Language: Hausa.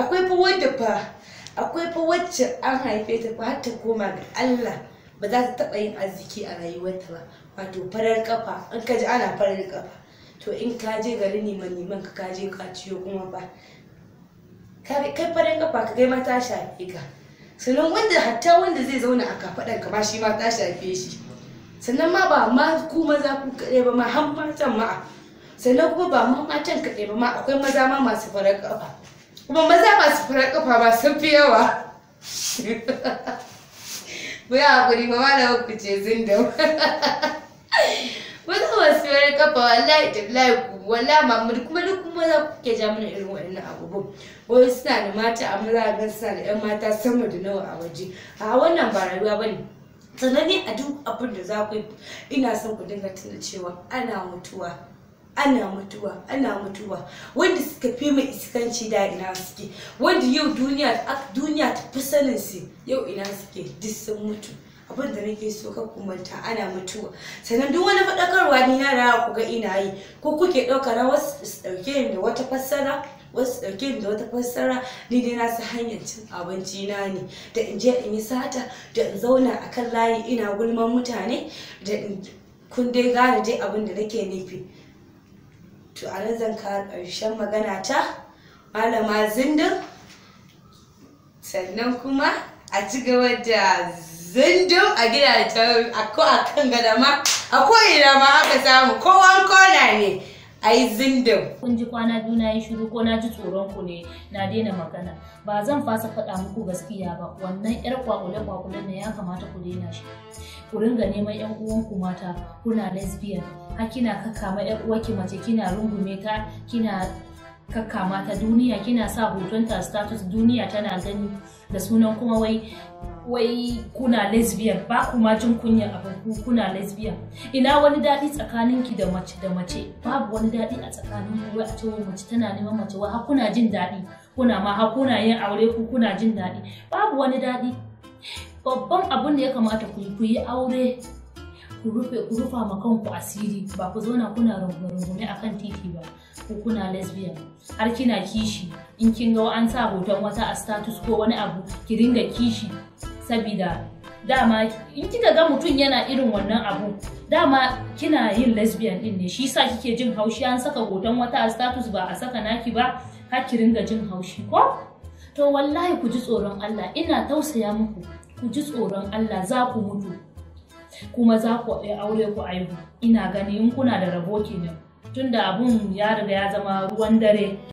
akwai fa wadda fa akwai fa wacce an haife ta fa har ta koma ga Allah ba za ta taɓa yin arziki a rayuwarta ba wato farar kafa in ka ji ana farar kafa to in ka je gari ne ma neman ka je ka ciyo kuma fa kai farar kafa ka kai ma ta shafe ka sannan wanda hatta wanda zai zauna a kafaɗar ka ma shi ma ta shafe shi sannan ma ba ma ku maza ku kaɗai ba ma har matan ma sannan kuma ba ma matan kaɗai ba ma akwai maza ma masu farar kafa kuma maza masu farar kafa ba sun fi yawa ba yi hakuri ba malamin ku ce zindam Wata masu farar kafa wallahi tallahi ku mamu da kuma duk kuma za ku ke ja mana irin waɗannan abubuwan wai suna da mata a maza gan suna da 'yan mata sama da nawa a waje a wannan ba rayuwa ba ne sannan a duk abin da za ku yi ina son ku dinga tuna cewa ana mutuwa ana mutuwa ana mutuwa wanda suka fi mai iskanci da ina suke wanda yau duniya duniya ta fi sanin su yau ina suke duk sun mutu abin da nake so ka kumanta ana mutuwa sannan duk wani faɗakarwa ni yara ku ga ina yi ko kuke ɗauka na wasu su ɗauke ni da wata fassara wasu ɗauke ni wata fassara ni dai na su hanyar cin abinci na ne da in je in yi sata da in zauna akan layi ina gulman mutane da kun dai gane dai abin da nake nufi to a nan zan kawo ƙarshen magana ta malama zindin sannan kuma a ci gaba da zindin a gidajen a kan gada ma a ko'ina ma haka samu kowan kona ne a yi zindin kun ji kwana biyu na shiru ko na ji tsoron ku ne na daina magana ba zan fasa faɗa muku gaskiya ba wannan yar kwakule kwakule ne ya kamata ku daina shi ku ringa neman yan uwanku mata kuna lesbian kina kakkama yar uwarki mace kina rungume ta kina kakkama ta duniya kina sa hoton ta status duniya tana gani da sunan kuma wai wai kuna lesbian ba kuma jin kunya a abin kuna lesbian ina wani daɗi tsakaninki da mace da mace babu wani daɗi a tsakanin ku wai a ce mace tana neman mace wai har kuna jin daɗi kuna ma har kuna yin aure ku kuna jin daɗi babu wani daɗi babban abin da ya kamata ku yi aure ku rufa ma kanku asiri ba ku zauna kuna rungume a kan titi ba ko kuna lesbian har kina kishi in kin ga an sa hoton wata a status ko wani abu ki ringa kishi sabida dama in kika ga mutum yana irin wannan abu dama kina yin lesbian din ne shi sa kike jin haushi an saka hoton wata a status ba a saka naki ba har ki ringa jin haushi ko to wallahi ku ji tsoron Allah ina tausaya muku ku ji tsoron Allah za ku mutu kuma za ku aure ku aihu ina gani in kuna da rabo kenan tunda abun ya riga ya zama ruwan dare